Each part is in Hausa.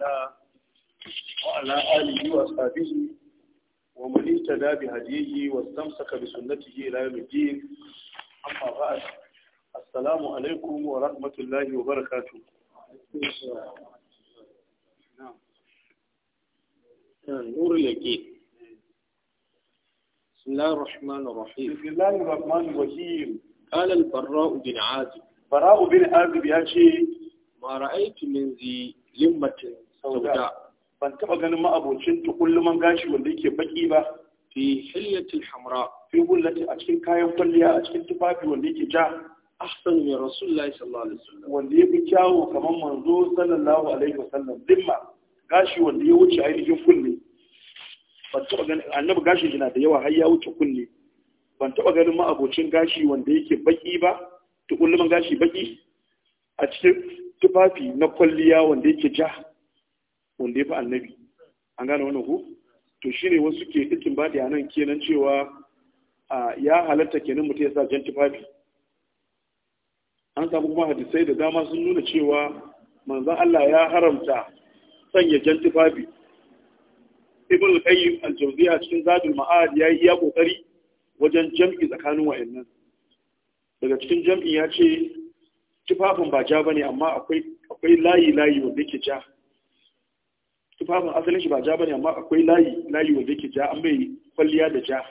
الله وعلى آله وأصحابه ومن اهتدى بهديه واستمسك بسنته إلى يوم الدين أما بعد السلام عليكم ورحمة الله وبركاته نعم. نعم، نور اليقين بسم الله الرحمن الرحيم بسم الله الرحمن الرحيم قال البراء بن عازب براء بن عازب يا شيخ ما رأيت من ذي لمة sauda ban taba ganin ma'abocin tukulluman gashi wanda yake baki ba fi hilyatil hamra fi hullati a cikin kayan kwalliya a cikin tufafi wanda yake ja ahsan min rasulullahi sallallahu alaihi wasallam wanda yake kyawo kamar manzo sallallahu alaihi wasallam dimma gashi wanda ya wuce ainihin kulli ban taba ganin annabi gashi yana da yawa har ya wuce kunne ban taba ganin ma'abocin gashi wanda yake baki ba tukulluman gashi baki a cikin tufafi na kwalliya wanda yake ja wanda ya fi annabi an gane wannan ku to shi ne wasu ke ɗikin ba da nan kenan cewa ya halatta kenan mutum ya sa jan tufafi an samu kuma hadisai da dama sun nuna cewa manzan Allah ya haramta sanya jan tufafi ibn al-qayyim al-jawziya cikin zadul ma'ad yayi iya kokari wajen jam'i tsakanin wayannan daga cikin jam'i ya ce tufafin ba ja bane amma akwai akwai layi layi wanda yake ja tufafin asalin shi ba ja bane amma akwai layi layi wanda yake ja an bai kwalliya da ja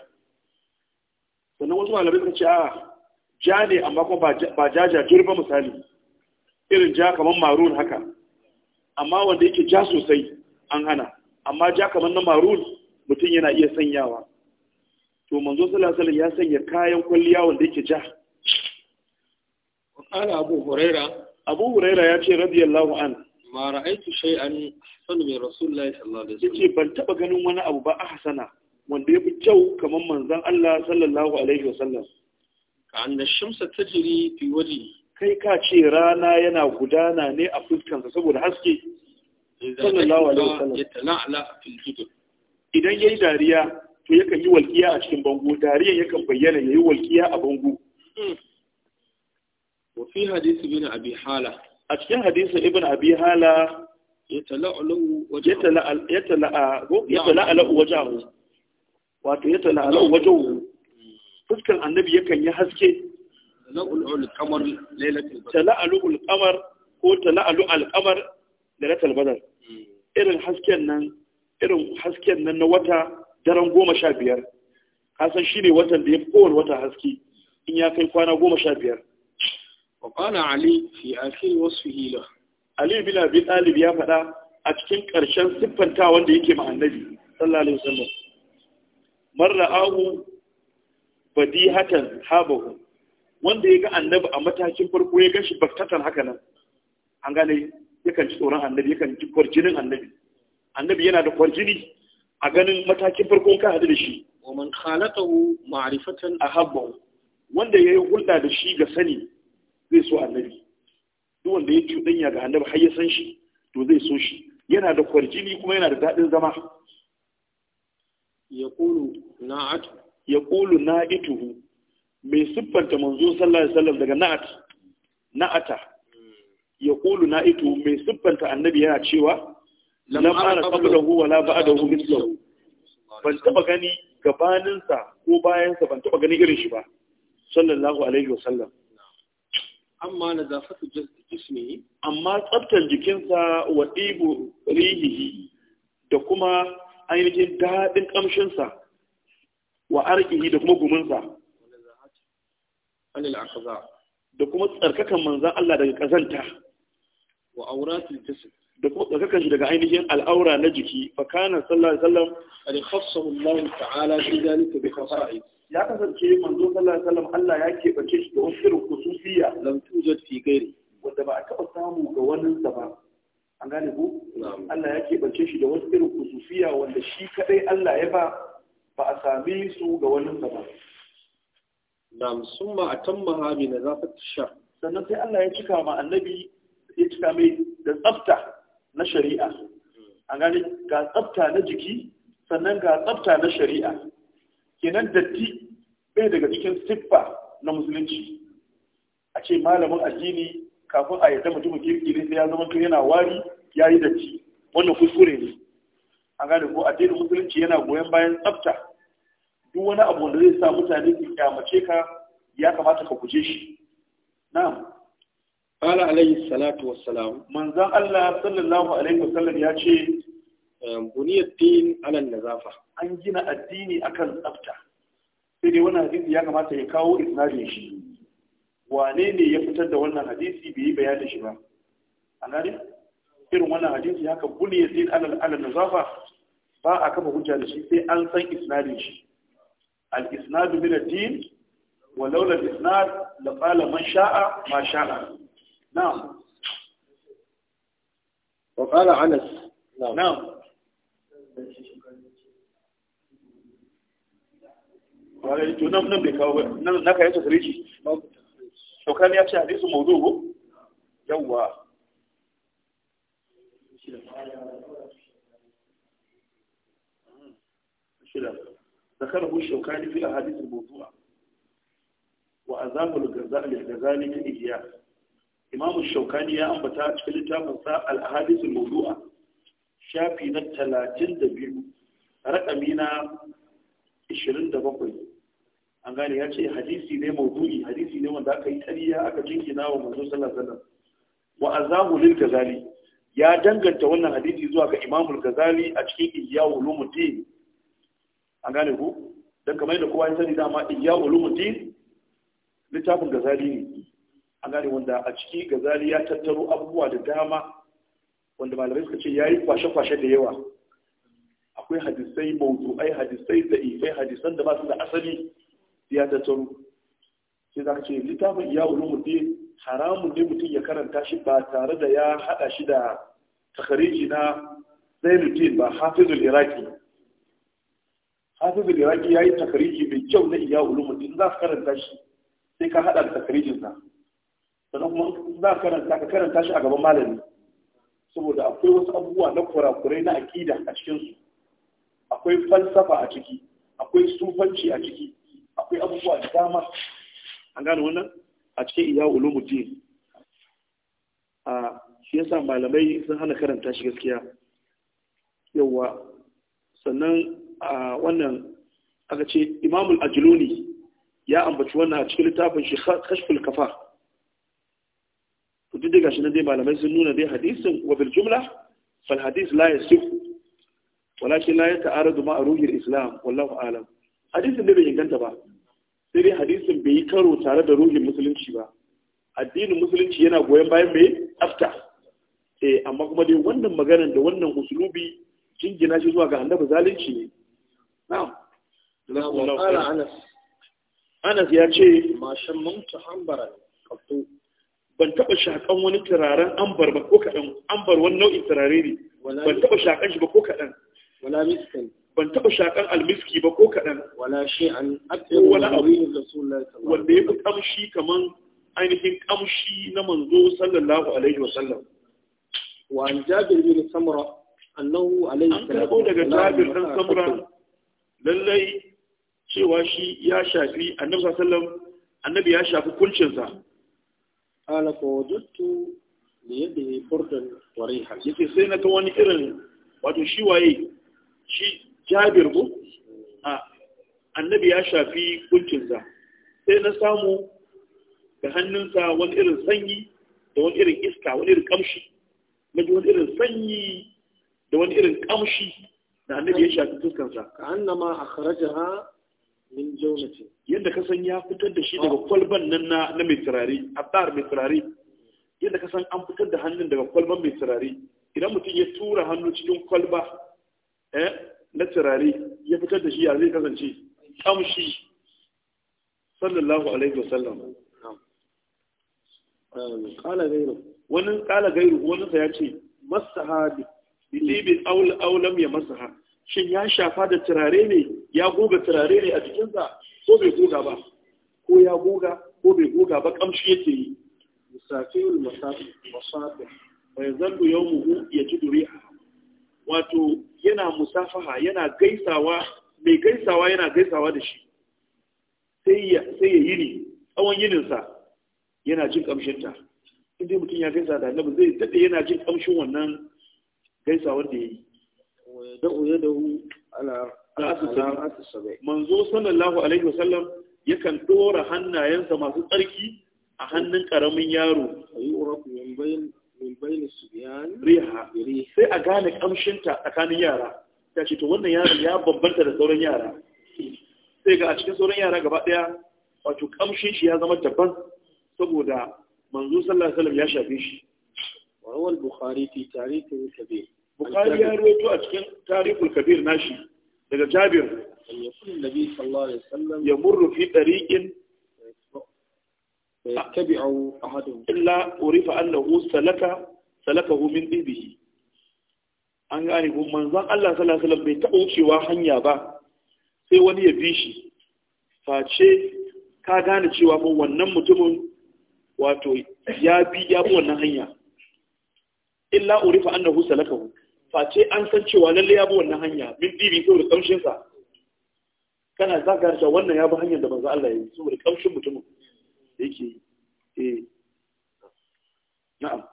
sannan wasu malamai suka ce a ja ne amma kuma ba ja ja ba misali irin ja kamar marun haka amma wanda yake ja sosai an hana amma ja kamar na marun mutum yana iya sanyawa to manzo sallallahu alaihi ya sanya kayan kwalliya wanda yake ja wa qala abu huraira abu huraira ya ce radiyallahu anhu ma ra'aitu shay'an sanu min rasulullahi sallallahu alaihi wasallam yace ban taba ganin wani abu ba a ahsana wanda yafi kyau kamar manzon Allah sallallahu alaihi wasallam ka anna shamsa tajri fi waji kai ka ce rana yana gudana ne a fuskansa saboda haske sallallahu alaihi wasallam yatala'la fil judur idan yayi dariya to yakan yi walkiya a cikin bango dariyan yakan bayyana yayi walkiya a bango وفي حديث ابن أبي hala. a cikin hadisin ibn abi hala ya tala'alau wajahu wato ya tala'alau wajahu fuskar annabi yakan yi haske tala'alu alkamar ko tala'alu alkamar da na talbadar hmm. irin hasken nan irin hasken nan na wata daren goma sha biyar kasan shi ne watan da ya fi kowane wata haske in ya kai kwana goma sha biyar وقال علي في آخر وصفه له علي بن أبي طالب يا فدا أتكين قرشان سبن تاوان دي يكي مع النبي صلى الله عليه وسلم من رآه بديهة حابه wanda ya ga annabi a matakin farko ya gan shi baktatan haka nan an gane yakan ji tsoron annabi yakan ji kwarjinin annabi annabi yana da kwarjini a ganin matakin farko ka hadu da shi wa man khalaqahu ma'rifatan ahabbahu wanda yayi hulɗa da shi ga sani zai so annabi duk wanda ya cuɗanya ga annabi har ya san shi to zai so shi yana da kwarjini kuma yana da daɗin zama ya ƙulu na'ituhu mai siffanta manzo sallallahu alaihi wasallam daga na'at na'ata ya ƙulu na'ituhu mai siffanta annabi yana cewa lam ara qablahu wala ba'dahu mithluhu ban taba gani gabaninsa ko bayansa ban taba gani irin shi ba sallallahu alaihi wasallam amma na zafatu jismi amma tsaftar jikinsa wa ɗibu rihihi da kuma ainihin daɗin ƙamshinsa wa arkihi da kuma guminsa da kuma tsarkakan manzan Allah daga ƙazanta wa auratul da kuma tsakakan shi daga ainihin al'aura na jiki fa kana sallallahu alaihi wasallam qad khassahu Allah ta'ala fi dalika bi khasa'is ya kasance manzo sallallahu alaihi wasallam Allah ya keɓace shi da wasu irin khususiyya lam tujad fi ghairi wanda ba a taɓa samu ga wannan sa ba an gane ku Allah ya keɓance shi da wasu irin khususiyya wanda shi kadai Allah ya ba ba a same su ga wannan sa ba nam summa atammaha bi nazafat shar sannan sai Allah ya cika ma annabi ya cika mai da tsafta na shari'a an gane ga tsafta na jiki sannan ga tsafta na shari'a kenan datti bai daga cikin siffa na musulunci a ce malamin addini kafin a yi mutum kirki ne sai ya zama yana wari ya yi datti wannan kuskure ne an gane ko addinin musulunci yana goyon bayan tsafta duk wani abu da zai sa mutane su kyamace ka ya kamata ka guje shi na'am Kala alaihi salatu wassalam. Manzon Allah sallallahu alaihi wasallam ya ce ehm, buniyar din alal nazafa. An gina addini akan tsafta. Sai dai wannan hadisi ya kamata ya kawo isnadin shi. Wane ne ya fitar da wannan hadisi bai yi bayanin shi ba? An gane? Irin wannan hadisi haka buniyar din alal alal nazafa ba a kafa hujja da shi sai an san isnadin shi. Al isnadu min ad-din wa laula al-isnad la qala man sha'a ma sha'a. na'am wa qala anas na'am to nan nan bai kawo nan Na to kan ya ce ko ذكره الشوكاني في أحاديث الموضوع وأذاب الغزالي كإياه imam shaukani ya ambata a cikin littafin sa al-ahadith al-mawdu'a shafi na 32 rakami na 27 an gane ya ce hadisi ne mawdu'i hadisi ne wanda aka yi tariya aka jingina wa manzo sallallahu alaihi wa azahu lil Gazali ya danganta wannan hadisi zuwa ga imam al-ghazali a cikin iyya ulumuddin an gane ku dan kamar yadda kowa ya sani dama iyya ulumuddin littafin Gazali ne A gane wanda a ciki gazali ya tattaro abubuwa da dama wanda malamai suka ce ya yi kwashe-kwashe da yawa akwai hadisai ai hadisai da'ifai hadisan da ba su da asali ya tattaro sai za ka ce littafin ya ulumuddin haramun ne mutum ya karanta shi ba tare da ya haɗa shi da takariji na zainuddin ba hafizul iraki hafizul iraki ya yi takariji mai kyau na iya ulumuddin za su karanta shi sai ka haɗa da takarijinsa sannan kuma za ka karanta ka karanta shi a gaban malami saboda akwai wasu abubuwa na kurakurai na akida a cikinsu akwai falsafa a ciki akwai sufanci a ciki akwai abubuwa da dama an gane wannan a cikin iya ulumuddin a shi yasa malamai sun hana karanta shi gaskiya yawa sannan a wannan aka ce imamul ajiluni ya ambaci wannan a cikin littafin shi kashful kafa duk dai gashi nan dai malamai sun nuna dai hadisin wa bil jumla fal hadis la yasih walakin la yata'aradu ma ruhil islam wallahu alam hadisin dai bai inganta ba sai dai hadisin bai yi karo tare da ruhin musulunci ba addinin musulunci yana goyon bayan mai tsafta eh amma kuma dai wannan maganar da wannan usulubi jingina shi zuwa ga annabi zalunci ne na'am Anas ya ce, ma shan mamta hambara, kafin ban taba shakan wani turaren ambar ba ko kaɗan ambar wani nau'in turare ne ban taba shakan shi ba ko kaɗan wala miskan ban taba shakan almiski ba ko kaɗan wala shay'an atyabu wala abu wanda ya fi kamshi kaman ainihin kamshi na manzo sallallahu alaihi wasallam wa an jabir bin samra annahu alaihi an karbo daga jabir dan samra lallai cewa shi ya shafi annabi sallallahu alaihi wasallam annabi ya shafi kuncinsa qala fa wajadtu li yadihi furdan wa rihan yace sai na ga wani irin wato shi waye shi Jabir ko a annabi ya shafi kuncinsa sai na samu da hannunsa wani irin sanyi da wani irin iska wani irin kamshi na ji wani irin sanyi da wani irin kamshi da annabi ya shafi fuskansa ka annama akhrajaha min jaulatin yadda ka san ya fitar da shi daga kwalban nan na na mai turare abdar mai turare yadda ka san an fitar da hannun daga kwalban mai turare idan mutum ya tura hannu cikin kwalba eh na turare ya fitar da shi ya zai kasance kamshi sallallahu alaihi wasallam kala gairu wani kala gairu wani sa ya ce masaha bi libin aulam ya masaha shin ya shafa da turare ne ya goga turare ne a jikinsa ko bai goga ba ko ya goga ko bai goga ba kamshi yake yi musafirul musafir bai zallu ya ji riha wato yana musafaha yana gaisawa mai gaisawa yana gaisawa da shi sai ya yi ne tsawon yininsa yana jin kamshinta inda mutum ya gaisa da annabi zai daɗe yana jin kamshin wannan gaisawar da ya yi Manzo sallallahu alaihi wasallam السبع yakan dora hannayensa masu tsarki a hannun karamin yaro riha sai a gane kamshinta tsakanin yara ta ce to wannan yaro ya bambanta da sauran yara sai ga a cikin sauran yara gaba daya wato kamshin shi ya zama daban saboda manzo sallallahu alaihi wasallam ya shafe shi rawal bukhari fi tarihi kabir bukari ya ruwaito a cikin tarihul kabir nashi daga jabir ya murru fi ɗariƙin tabi'u ahadun illa urifa annahu salaka salakahu min dibihi an gane ko manzon Allah sallallahu alaihi bai taɓa wucewa hanya ba sai wani ya bi shi face ka gane cewa ko wannan mutumin wato ya bi ya bi wannan hanya illa urifa annahu salakahu face an san cewa lalle ya bi wannan hanya min dibin kyau da kamshin sa kana zagar da wannan ya bi hanyar da manzo Allah ya yi saboda kamshin mutumin da yake eh na'am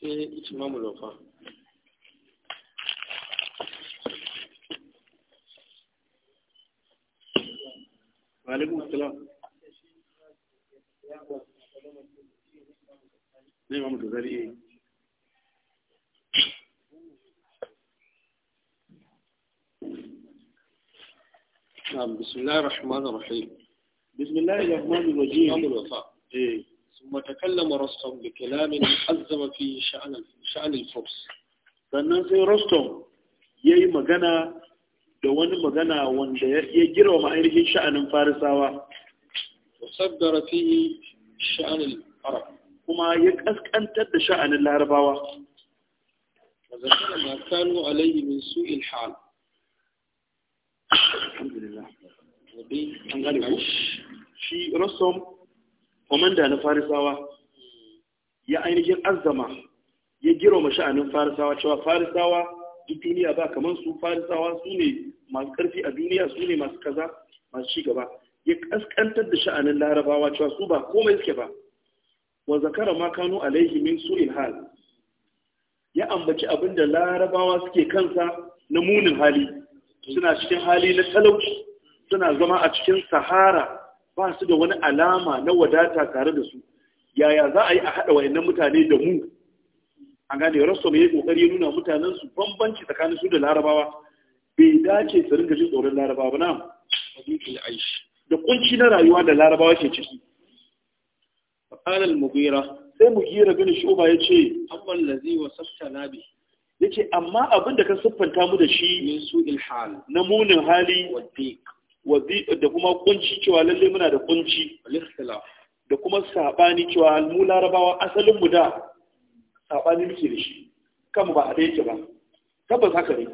sai itimamul wafa alaikum assalam ne mamu نعم بسم الله الرحمن الرحيم بسم الله الرحمن الرحيم إيه. ثم تكلم رستم بكلام حزم فيه شأن شأن الفرس sannan sai rostom ya da wani magana wanda ya girma ainihin sha'anin farisawa fi sha'anin arab kuma ya ƙasƙantar da sha'anin larabawa zakara ma alayhi min shi rasom komanda na farisawa ya ainihin azzama ya girma sha'anin farisawa cewa farisawa duk duniya ba kamar su farisawa su ne masu karfi a duniya su ne masu kaza masu ci gaba ya kaskantar da sha'anin larabawa cewa su ba komai suke ba wa zakara ma kanu alaihi min su'il hal ya ambaci abin da larabawa suke kansa na munin hali suna cikin hali na talauci suna zama a cikin sahara ba su da wani alama na wadata tare da su yaya za a yi a haɗa wayannan mutane da mu an gane rasu mai kokari ya nuna mutanen su bambanci tsakanin su da larabawa bai dace su ringa jin tsoron larabawa ba na da kunci na rayuwa da larabawa ke ciki fa'alal mugira sai mugira bin shuba ya ce amman lazi wa safta nabi ya ce amma abin da ka siffanta mu da shi min su ilhal na munin hali da kuma kunci cewa lalle muna da kunci da kuma sabani cewa mu larabawa asalin mu da saɓani muke da shi kan ba a da yake ba tabbas haka ne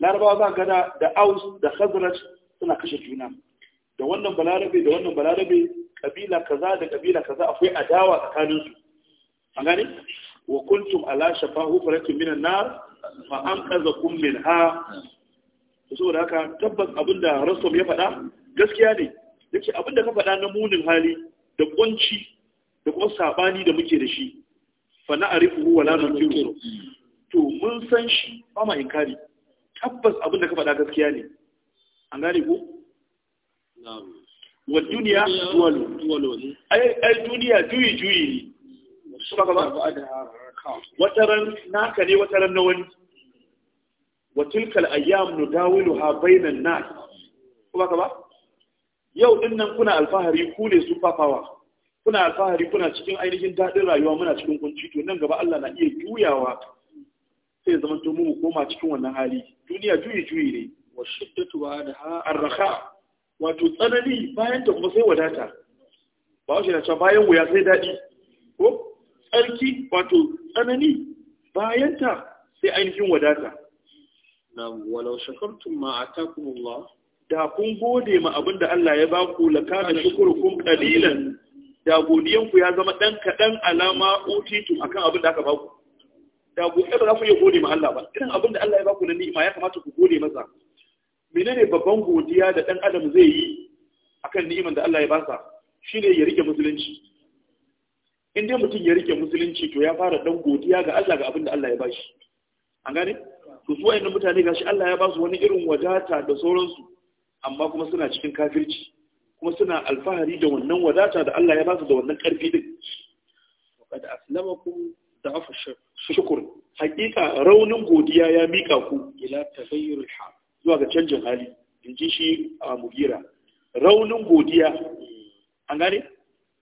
larabawa za ga da aus da khazraj suna kashe juna da wannan balarabe da wannan balarabe kabila kaza da kabila kaza akwai adawa tsakanin su an gane wa kuntum ala shafa hufratin minan nar fa anqazakum minha saboda haka tabbas abinda rasul ya faɗa gaskiya ne yace abinda ka faɗa na munin hali da kunci da kuma sabani da muke da shi fa na wa wala nunkiru to mun san shi ba ma inkari tabbas abin da ka faɗa gaskiya ne an gane ko wa duniya duwalo ai duniya juyi juyi ne su ba ba, wataran naka ne wataran na wani wa tilkal ayyam ha bainan nas kuma ka ba yau din nan kuna alfahari ku ne super power kuna alfahari kuna cikin ainihin daɗin rayuwa muna cikin kunci to nan gaba Allah na iya juyawa sai ya zama mu koma cikin wannan hali duniya juyi juyi ne wa shiddatu ba da arraha wato tsanani bayan ta kuma sai wadata ba wa na cewa bayan wuya sai daɗi ko tsarki wato tsanani bayan ta sai ainihin wadata na walau shakartum ma atakumullah da kun gode ma abinda Allah ya ba ku lakana shukurukum qalilan da ya zama ɗan kaɗan alama utitu akan abin da aka ba ku da gobe ba za ku iya gode ma Allah ba irin abin da Allah ya ba ku na ni'ima ya kamata ku gode masa menene babban godiya da ɗan adam zai yi akan ni'iman da Allah ya ba sa shine ya rike musulunci in dai mutum ya rike musulunci to ya fara dan godiya ga Allah ga abin da Allah ya ba shi an gane to su wayannan mutane gashi Allah ya ba su wani irin wadata da sauransu amma kuma suna cikin kafirci kuma suna alfahari da wannan wadata da Allah ya ba su da wannan ƙarfi din waqad aslamakum da'af shukr haqiqa raunin godiya ya mika ku ila taghayyur al-hal zuwa ga canjin hali inji shi a mugira raunin godiya an gane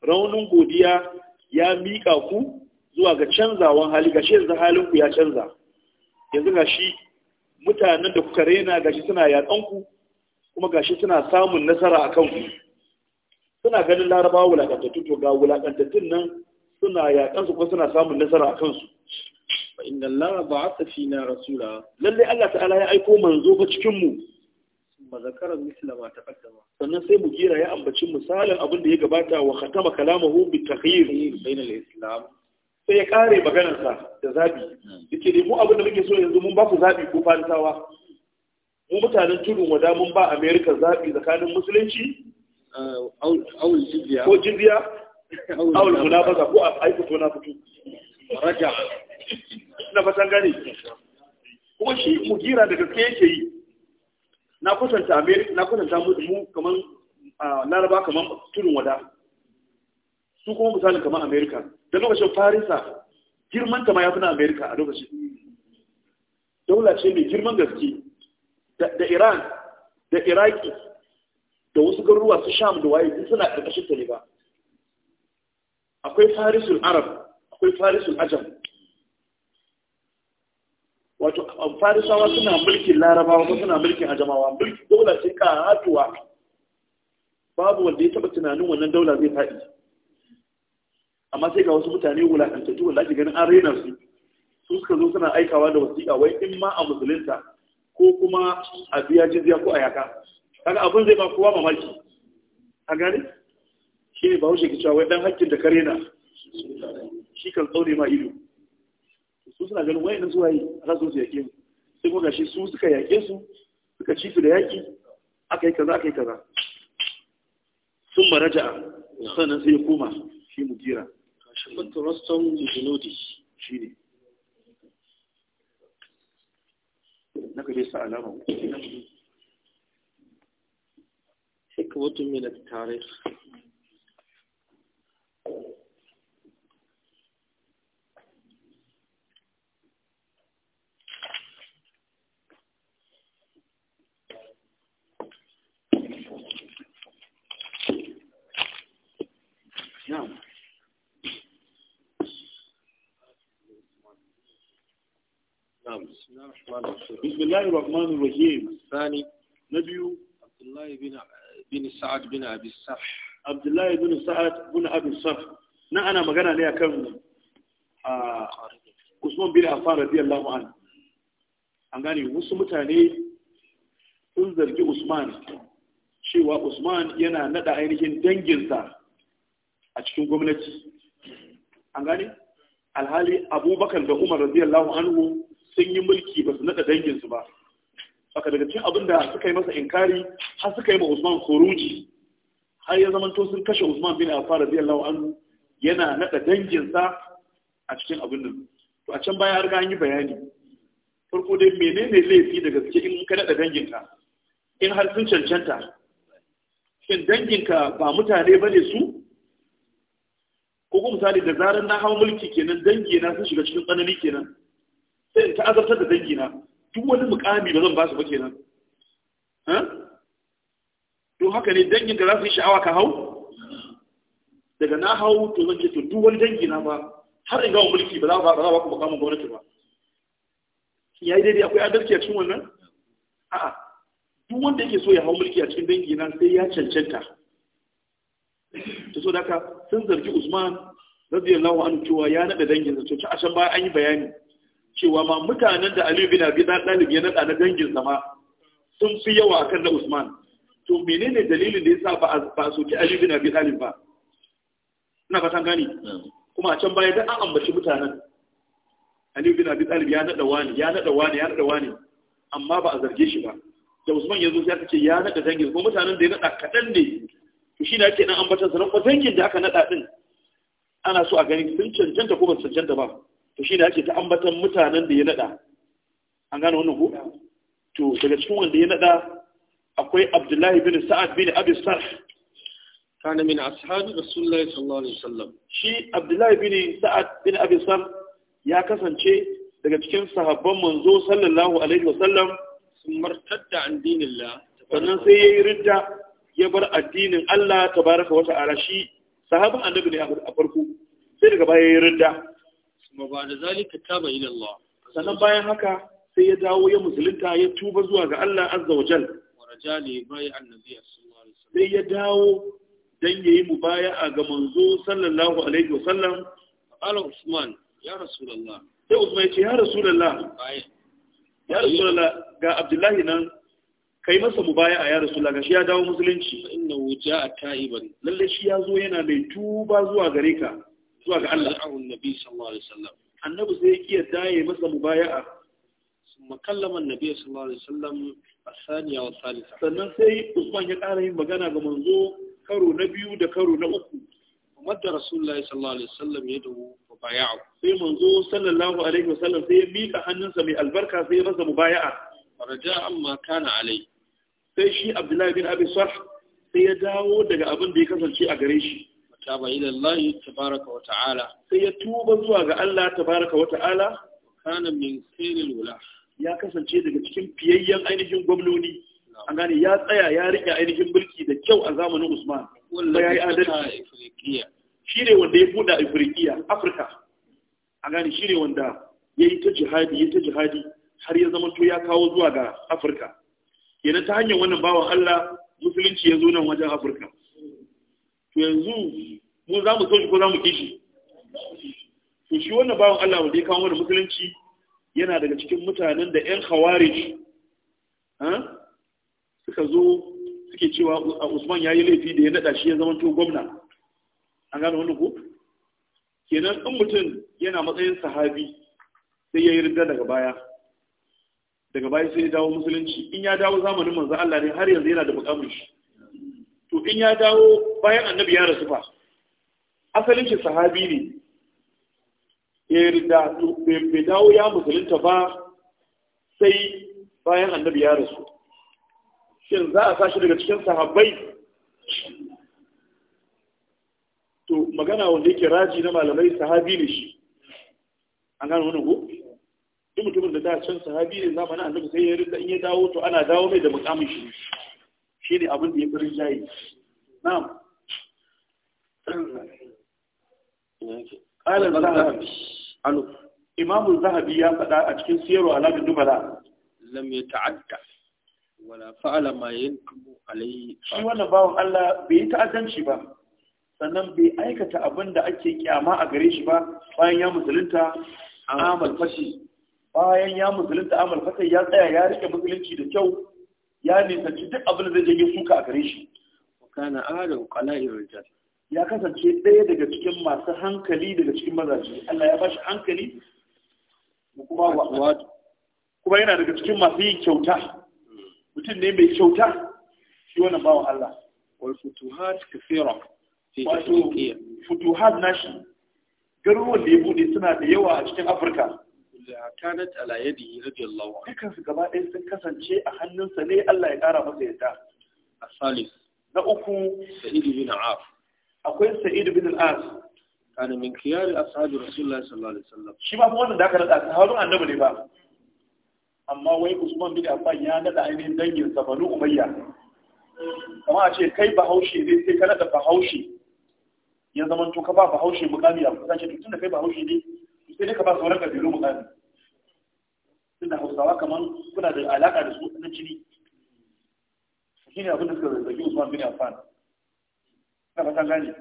raunin godiya ya mika ku zuwa ga canzawan hali ga shi yanzu halin ku ya canza yanzu ga shi mutanen da kuka rena ga shi suna yatsan ku kuma ga shi suna samun nasara a ku. suna ganin larabawa wulaƙantattu to ga wulaƙantattun nan suna yaƙansu ko suna samun nasara a kansu fa inna allaha ba'atha fina rasula lalle Allah ta'ala ya aiko manzo fa cikin mu ma zakara misla ma taqaddama sannan sai mu gira ya ambaci misalin abin da ya gabata wa khatama kalamahu bi takhyir bain al-islam sai ya kare maganarsa da zabi yace dai mu abin da muke so yanzu mun ba ku zabi ko farisawa mu mutanen tudun wada mun ba Amerika zabi tsakanin musulunci awul jizya ko jizya awul munafaza ko a fito na fito raja na fatan gani. kuma shi mugira da gaske ke yi na kusanta america na kusanta mu kaman laraba kaman tudun wada su kuma misalin kaman america da lokacin farisa girman ta ma ya fi na america a lokacin daula ce mai girman gaske da iran da iraki da wasu garuruwa su sham da waye duk suna ƙarƙashin ta ne ba akwai farisul arab akwai farisul ajam wato um, farisawa suna mulkin larabawa ko suna mulkin ajamawa mulkin daula ce ka hatuwa babu wanda ya taɓa tunanin wannan daula zai faɗi amma sai ga wasu mutane wulakantattu wanda ake ganin an raina su su suka zo suna aikawa da wasiƙa wai in ma a musulunta ko kuma a biya jizya ko a yaka kaga abin zai ba kowa mamaki a gane shi ne ba wuce ki cewa wai dan hakkin da kare na shi kan tsaure ma ido su suna ganin wayannan zuwa yi a su yaƙe mu sai kuma gashi su suka yaƙe su suka ci su da yaki aka yi kaza aka yi kaza sun maraja sannan sai ya koma shi mu jira kashin mutarastan jinodi shi ne na kaje sa alama حكمة من التاريخ نعم بسم الله الرحمن الرحيم بسم الثاني نبي عبد الله بن bin Sa'ad bin Abi Sarh Abdullahi bin Sa'ad bin Abi Sarh nan ana magana ne akan ah, Usman bin Affan radiyallahu anhu an gane wasu mutane sun zargi Usman cewa Usman yana nada ainihin danginsa a cikin gwamnati an gane alhali Abubakar da Umar radiyallahu anhu sun yi mulki ba su nada danginsu ba saka daga cikin abin da suka yi masa inkari har suka yi ma Usman Khuruji har ya zamanto sun kashe Usman bin Affan radiyallahu anhu yana nada danginsa a cikin abin nan to a can baya har ga an yi bayani farko dai menene laifi da gaske in ka nada danginka in har sun cancanta shin danginka ba mutane bane su ko kuma misali da zarar na hawa mulki kenan dangina sun shiga cikin tsanani kenan sai in ta azabtar da dangi na duk wani mukami ba zan ba su ba kenan to haka ne dangin ka za su yi sha'awa ka hau daga na hau to zan ce to duk wani dangi na ba har in gawo mulki ba za ba za ba ku mukamin gwamnati ba yayi daidai akwai adalci a cikin wannan a'a duk wanda yake so ya hau mulki a cikin dangi na sai ya cancanta to so da sun zargi Usman radiyallahu anhu cewa ya nada dangin sa to a can baya an yi bayani cewa ma mutanen da Aliyu bin Abi Talib ya nada na dangin sama sun fi yawa akan da Usman to menene dalilin da yasa ba ba su ki Aliyu bin Abi Talib ba ina fatan gani kuma a can baya da an ambaci mutanen Aliyu bin Abi Talib ya nada wani ya nada wani ya nada wani amma ba a zarge shi ba da Usman ya sai ka ce ya nada dangin kuma mutanen da ya nada kadan ne to shi ne ake nan ambatar sa ba dangin da aka nada din ana so a gani sun cancanta ko ba cancanta ba to shi da ake ta ambatan mutanen da ya nada an gane wannan ku? to daga cikin wanda ya nada akwai abdullahi bin sa'ad bin abi sarh kana min ashabi rasulullahi sallallahu alaihi wasallam shi abdullahi bin sa'ad bin abi sarh ya kasance daga cikin sahabban manzo sallallahu alaihi wasallam sun martadda an dinillah sannan sai ya yi ridda ya bar addinin Allah tabaraka wa ta'ala shi sahaban annabi ne a farko sai daga baya ya yi ridda kuma ba da zalika taba ila Allah sannan bayan haka sai ya dawo ya musulunta ya tuba zuwa ga Allah azza wa warajali bai annabi sallallahu alaihi wasallam sai ya dawo dan yayi mubaya'a ga manzo sallallahu alaihi wasallam qala usman ya rasulullah sai usman ya ce ya rasulullah ya rasulullah ga abdullahi nan kai masa ya rasulullah gashi ya dawo musulunci inna wuja ta'iban lalle shi ya zo yana mai tuba zuwa gare ka zuwa ga Allah ahun nabi sallallahu alaihi wasallam annabi sai ya daye masa mubaya'a summa kallama annabi sallallahu alaihi wasallam asaniya wa salisa sannan sai Usman ya ƙara yin magana ga manzo karo na biyu da karo na uku da rasulullahi sallallahu alaihi wasallam ya dawo wa baya'a sai manzo sallallahu alaihi wasallam sai ya mika hannunsa mai albarka sai ya masa mubaya'a raja amma kana alai sai shi Abdullahi bin Abi Sarh sai ya dawo daga abin da ya kasance a gare shi taba ila Allah tabaraka wa ta'ala sai ya tuba zuwa ga Allah tabaraka wa ta'ala kana min khairil wala ya kasance daga cikin fiyayyen ainihin gwamnoni an gane ya tsaya ya rike ainihin mulki da kyau a zamanin Usman wanda yayi adalci shi wanda ya buɗa Afirkiya Afirka an gane shi wanda yayi ta jihadi yayi ta jihadi har ya zama to ya kawo zuwa ga Afirka kenan ta hanyar wannan bawan Allah musulunci ya zo nan wajen Afirka yanzu mu za mu soji ko za mu kishi to shi wannan bawon Allah wanda ya kawo mana musulunci yana daga cikin mutanen da yan khawarij suka zo suke cewa Usman ya yi laifi da ya nada shi ya zama to gwamna an gano wannan ko kenan in mutum yana matsayin sahabi sai ya yi rinda daga baya daga baya sai ya dawo musulunci in ya dawo zamanin manzo Allah ne har yanzu yana da bukamun shi to in ya dawo bayan annabi ya rasu ba, asalin shi sahabi ne yarda bai dawo ya musulunta ba sai bayan annabi ya rasu shin za a sashi daga cikin sahabbai to magana wanda yake raji na malamai sahabi ne shi an gano wani ko duk mutumin da da can sahabi ne na annabi sai ya rinda in ya dawo to ana dawo mai da mukamin shi shi ne abin da ya fi jayi. na'am ƙalar zahabi imamu zahabi ya faɗa a cikin siyarwa alamin dubara lam ya ta'adda wala fa'ala ma yankubu alayi shi wannan bawon Allah bai yi ta'addanci ba sannan bai aikata abin da ake kyama a gare shi ba bayan ya musulunta amal fashi bayan ya musulunta amal fashi ya tsaya ya rike musulunci da kyau ya nisanci duk abin da zai je suka a gare shi kana ahadu qala'ir rijal ya kasance ɗaya daga cikin masu hankali daga cikin mazaje Allah ya bashi hankali kuma kuma yana daga cikin masu yin kyauta mutum ne mai kyauta shi wannan bawa Allah wal futuhat kafira wato futuhat nashi garuruwan da ya bude suna da yawa a cikin Afirka kanat ala yadihi radiyallahu anhu dukkan su gaba ɗaya sun kasance a hannunsa ne Allah ya ƙara masa yadda asalis na uku sa'idu bin af akwai Sa'idu bin al'as as kana min kiyar ashabi rasulullah sallallahu alaihi wasallam shi ba wannan da aka rada sahabin annabi ne ba amma wai usman bin affan ya nada ainihin dangin sa banu umayya kuma a ce kai bahaushe ne sai ka nada bahaushe ya zama to ka ba bahaushe mukami a kusa ce tunda kai bahaushe ne sai ne ka ba sauran kabilu mukami tunda hausawa kamar kuna da alaka da su na jini ne abin da suka zargi usman bin affan na gani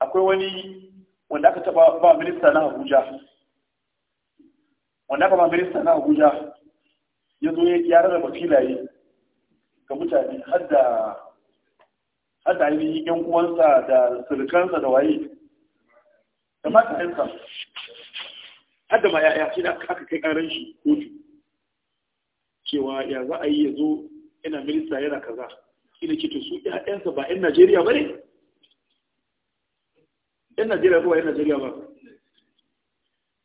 akwai wani wanda aka taba ba minista na Abuja wanda aka ba minista na Abuja ya zo ya rarraba filaye ga mutane har da har da ainihin yan uwansa da surukansa da waye da matayensa har da ma ya'ya shi da aka kai karan shi kotu cewa ya za a yi ya zo yana minista yana kaza Ina da ke to su 'ya'yansa ba 'yan Najeriya ba ne yan najeriya ko yan najeriya ba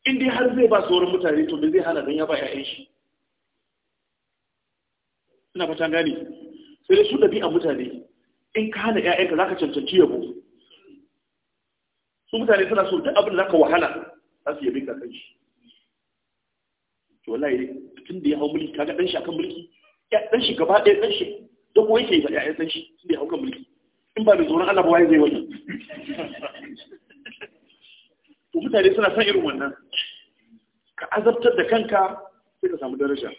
in dai har zai ba sauran mutane to zai hana don ya ba ya'yan shi ina fata gani sai dai su ɗabi'a mutane in ka hana ‘ya'yanka za ka cancanci yabo su mutane suna so duk abin da zaka wahala za su yabi ka kanshi to wallahi tun da ya hau mulki kaga dan shi akan mulki dan shi gaba ɗaya dan shi da ko yake yi ba ‘ya'yan dan shi tun da ya hau kan mulki in ba mai tsoron Allah ba wai zai wani to mutane suna son irin wannan ka azabtar da kanka sai ka samu daraja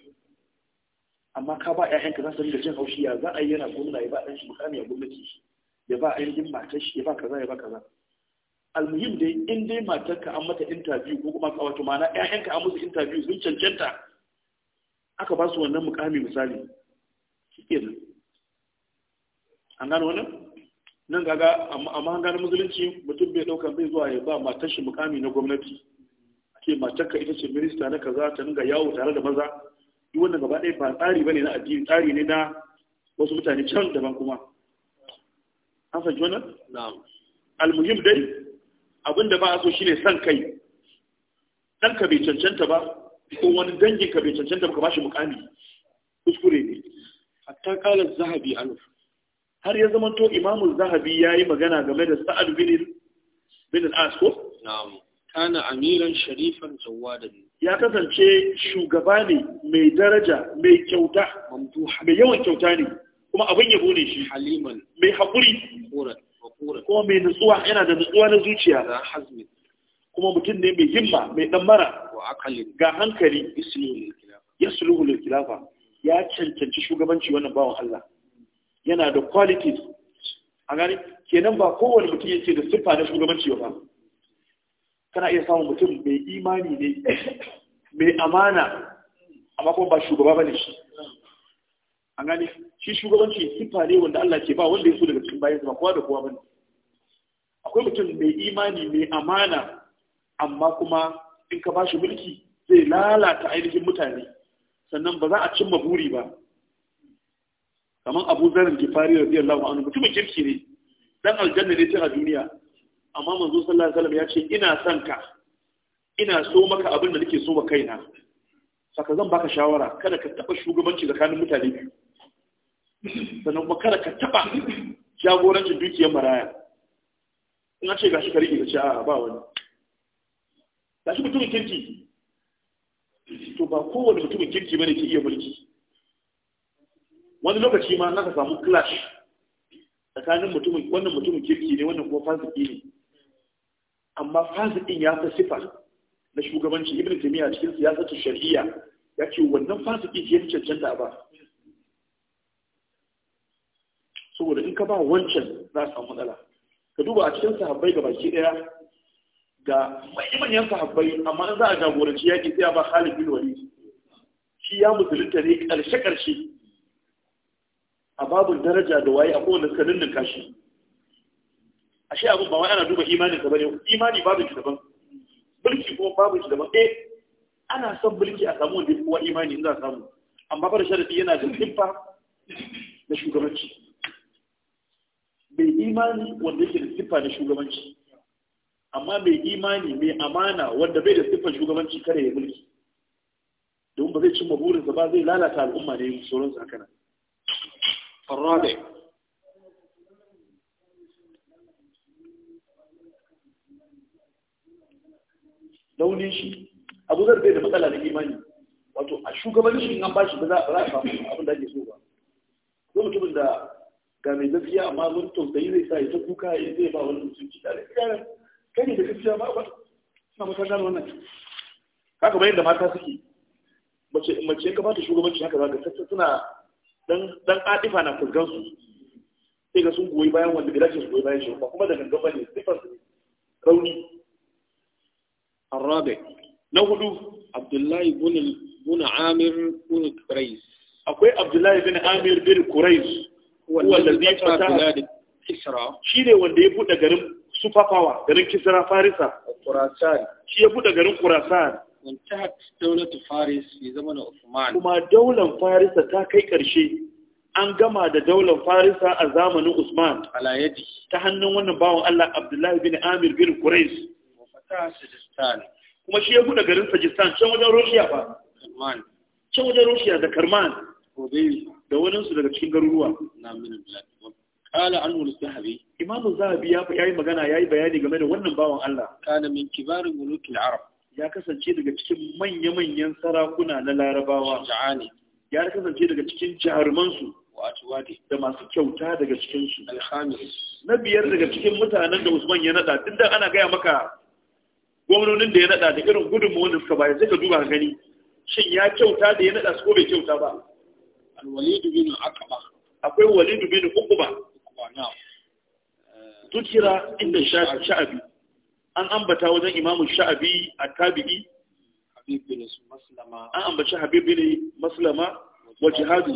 amma ka ba ƴaƴanka za su rinka jin haushi ya za a yi yana gwamna ya ba ɗan shi mukami ya gwamnati ya ba ainihin matar shi ya ba kaza ya ba kaza almuhim dai in dai ka an mata interview ko kuma wato ma'ana ƴaƴanka an musu interview sun cancanta aka ba su wannan mukami misali shi kenan an gano wannan nan gaga a mahangar musulunci mutum bai ɗaukar bai zuwa ya ba matar shi mukami na gwamnati ke ka ita ce minista na kaza ta dinga yawo tare da maza duk wannan gaba ɗaya ba tsari ba ne na addini tsari ne na wasu mutane can daban kuma an fahimci wannan na'am almuhim dai abinda ba a so shine san kai dan ka bai cancanta ba ko wani dangin ka bai cancanta ba ka bashi mukami kuskure ne hatta kalar zahabi alufu har ya zama to imamu zahabi ya yi magana game da sa'ad bin al'asko? na'am kana amiran sharifan zawadan ya kasance shugaba ne mai daraja mai kyauta mai yawan kyauta ne kuma abin yabo ne shi haliman mai haƙuri kuma mai nutsuwa yana da nutsuwa na zuciya kuma mutum ne mai himma mai ɗan mara ga hankali ya suluhu lil ya cancanci shugabanci wannan bawan Allah yana da qualities a gani kenan ba kowane mutum yake da siffa na shugabanci ba kana iya samun mutum mai imani ne mai amana amma kuma ba shugaba bane shi a gani shi shugabanci siffa ne wanda Allah ke ba wanda ya so daga cikin bayan ba kowa da kowa bane akwai mutum mai imani mai amana amma kuma in ka bashi mulki zai lalata ainihin mutane sannan ba za a cimma buri ba kamar abu zarar biyan radiyallahu anhu mutumin kirki ne dan aljanna ne tun a duniya amma manzo sallallahu alaihi wasallam ya ce ina son ka ina so maka abin da nake so wa kaina saka zan baka shawara kada ka taba shugabanci tsakanin mutane biyu sannan kuma kada ka taba jagorancin dukiyar maraya in ce gashi ka rike ka ce a ba wani gashi mutumin kirki to ba kowane mutumin kirki bane ke iya mulki wani lokaci ma na ka samu clash tsakanin mutumin wannan mutumin kirki ne wannan kuma fasiki ne amma fasikin ya fi sifa na shugabanci ibn taymiya cikin siyasar shari'a ya ce wannan fasiki ke cancanta ba saboda in ka ba wancan za a samu matsala ka duba a cikin sahabbai ga baki daya ga manyan sahabbai amma in za a jagoranci yaƙi sai a ba halin bin wani shi ya musulunta ne ƙarshe ƙarshe a babun daraja da waye a kowane suka ninninka shi ashe abin ba wai ana duba imanin ka bane imani babu shi daban mulki kuma babu shi daban eh ana son mulki a samu wanda kowa imani za a samu amma bar sharadi yana da siffa na shugabanci mai imani wanda yake da siffa na shugabanci amma mai imani mai amana wanda bai da siffar shugabanci kare ya mulki don ba zai cimma burinsa ba zai lalata al'umma ne sauransu haka nan الرابع launin shi abu zar bai da matsala da imani wato a shugabannin shi an bashi ba za a samu abin da ake so ba ko mutumin da ga mai gaskiya amma wani tausayi zai sa ya ta kuka ya zai ba wani mutum ki tare yaran kai ne da gaskiya ba ba suna mata gano wannan haka bayan da mata suke mace mace ka ba ta shugabanci haka za ka suna dan adifa na fuskan su sai ga sun goyi bayan wanda bilashin su goyi bayan shi ba kuma da gangan bane sifar su rauni arabe na hudu abdullahi bin bin amir bin quraiz akwai abdullahi bin amir bin quraiz Wanda zai fata bilad kisra shi ne wanda ya buɗe garin Power garin kisra farisa kurasan shi ya buɗe garin kurasan وانتهت دولة فارس في زمن Kuma كما Farisa ta kai ƙarshe. an gama da daular farisa a zamanin usman alayyadi ta hannun wannan bawan allah abdullahi bin amir bin kurais kuma shi ya buɗe garin sajistan can wajen roshiya ba can wajen roshiya da karman da waninsu daga cikin garuruwa kala an wuri zahabi imamu zahabi ya yi magana ya yi bayani game da wannan bawan allah kana min kibarin mulkin arab ya kasance daga cikin manya-manyan sarakuna na larabawa ya kasance daga cikin jarumansu da masu kyauta daga cikinsu na biyar daga cikin mutanen da usman ya nada duk da ana gaya maka gwamnonin da ya nada da irin gudunmu da suka bayar suka duba gani shin ya kyauta da ya nada su ko bai kyauta ba alwalidu bin akaba akwai walidu bin ukuba tukira inda sha'abi an ambata wajen imamu sha'abi a tabi'i an ambaci Habibu maslama wa jihadu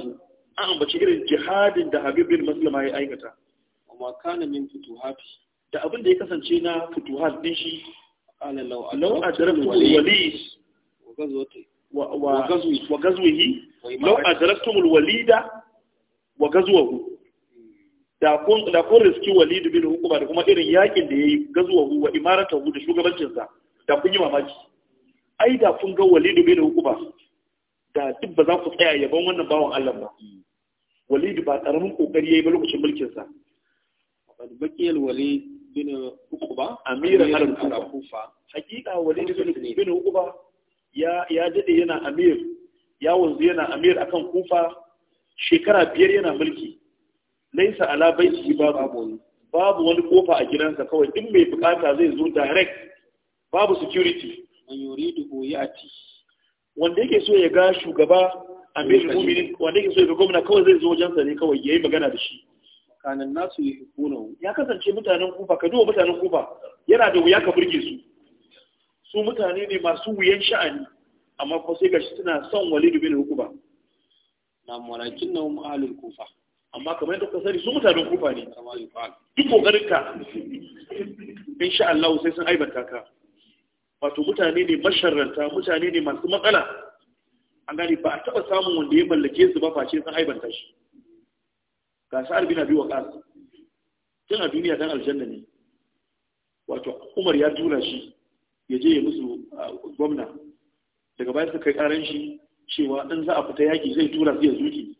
an ambaci irin jihadin da Habibu maslama ya aikata amma kana min da abin da ya kasance na futuhat din shi ala law law wali wa gazuwa wa wa da kun riski walidu bin Hukuma da kuma irin yakin da yi gazuwa wa wa hu da shugabancinsa, da kun yi mamaki ai da kun ga Walidu bin Hukuma da duk ba za ku tsaya yaban wannan bawan Allah ba walidu ba karamin kokari yayi ba lokacin mulkinsa. sa bakiyal bin Hukuma amiran al-Kufa hakika Walidu bin Hukuma ya ya dade yana amir ya wanzu yana amir akan Kufa shekara biyar yana mulki laisa ala bai babu babu wani kofa a gidansa kawai in mai bukata zai zo direct babu security man ya yati wanda yake so ya ga shugaba amirul mu'minin wanda yake so ya ga gwamna kawai zai zo wajensa ne kawai yayi magana da shi kanan nasu yuhibbunahu ya kasance mutanen kufa ka duba mutanen kufa yana da wuya ka burge su su mutane ne masu wuyan sha'ani amma fa sai gashi suna son walid bin hukuba na walakin nahum ahlul kufa amma kamar yadda kuka sani su mutanen kufa ne duk kokarin ka sha Allah sai sun aibata ka wato mutane ne masharranta mutane ne masu matsala an gani ba a taba samun wanda ya mallake su ba face sun aibanta shi ga sa'ar bin abi waqas tun a duniya dan aljanna ne wato Umar ya tura shi ya je ya musu gwamna daga baya suka kai karan shi cewa in za a fita yaki zai tura su ya zuki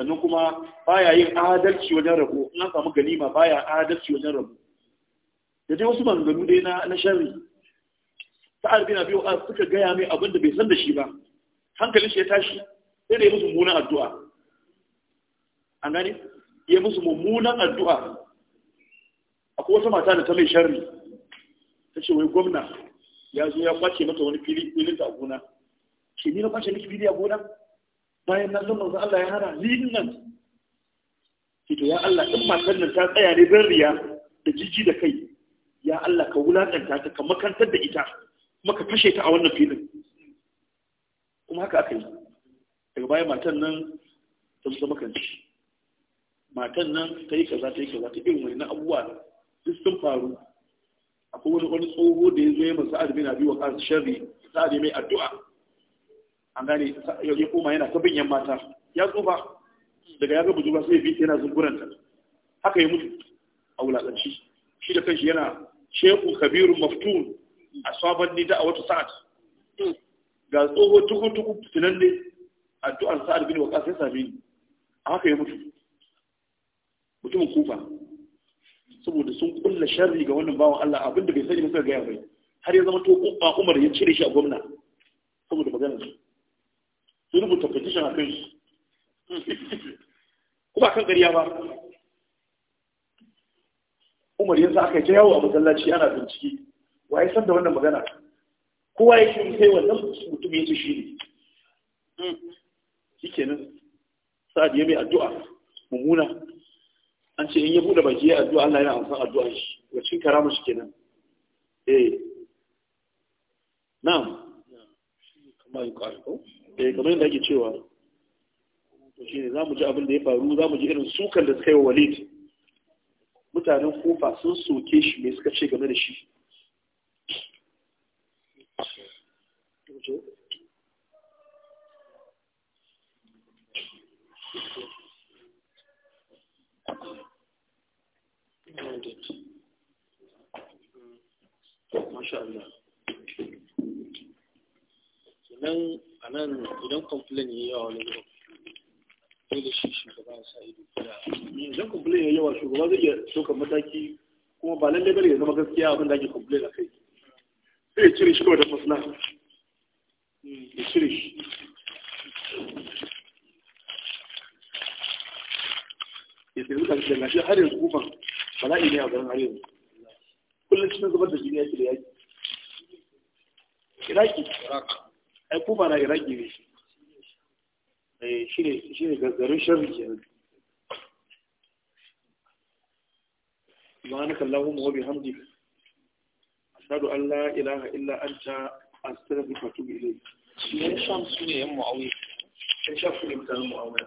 sannan kuma baya yin adalci wajen rabo na samu ganima baya adalci wajen rabo da dai wasu maganganu dai na na sharri sa'ad bin abi a suka gaya mai abin da bai san da shi ba hankalin shi ya tashi sai da ya musu mummunan addu'a an gani ya musu mummunan addu'a akwai wata mata da ta mai sharri ta ce wai gwamna ya zo ya kwace mata wani fili filin ta a gona ke ni na kwace miki fili a gona bayan na zama Allah ya hana ni nan fito ya Allah in matan nan ta tsaya ne don riya da jiji da kai ya Allah ka wulaƙanta ta ka makantar da ita kuma ka fashe ta a wannan filin kuma haka aka yi daga bayan matan nan ta musa makanci matan nan ta yi kaza ta yi kaza ta irin wani abubuwa duk sun faru akwai wani wani tsoho da ya zo ya masu azumi na biyu wa kansu sharri sa'adi mai addu'a an gane ya koma yana ta binyan mata ya tsufa daga ya ga bujuba sai bi yana zunguranta haka ya mutu a wulaƙanci shi da kanshi yana shehu kabirun maftun a sabon ni wata sa'ad ga tsoho tuku-tuku fitinan ne addu'ar sa'ad bin waƙa sai sami ni a haka ya mutu mutumin kufa saboda sun kulla sharri ga wannan bawan Allah abinda bai sani ba suka gaya bai har ya zama to umar ya cire shi a gwamna saboda maganar su sun rubuta petition a kan shi kuma kan ƙarya ba umar yanzu aka yi ta yawo a matsalaci ana bincike wa ya san da wannan magana kowa ya shi sai wannan mutum ya ce shi ne shi kenan sa'ad ya mai addu'a mummuna an ce in ya buɗe baki ya addu'a Allah yana amsan addu'a shi wacin karama shi kenan eh na'am kamar yi ƙwarfi eh kamar yadda ake cewa to ne za mu ji abin da ya faru za mu ji irin sukan da suka yi wa walid mutanen kofa sun soke shi mai suka ce game da shi nan idan complain ya yawa wani yau da shi shugaba ya sa ido idan complain ya yawa shugaba zai iya ɗaukar mataki kuma ba lallai bane ya zama gaskiya abin da ake complain a kai sai ya cire shi kawai da maslaha ya cire shi ya sai zuka shi gashi har yanzu kufan bala'i ne a garin har yanzu kullum cikin zubar da jini yake da yaki iraki iraki ai kufa na iraki ne shi eh, shi ne gaggarin sharri ke nan subhanaka allahumma wa bihamdika ashhadu an la ilaha illa anta astaghfiruka wa atubu ne. yan sham sune yan muawiya yan sham sune mutanen muawiya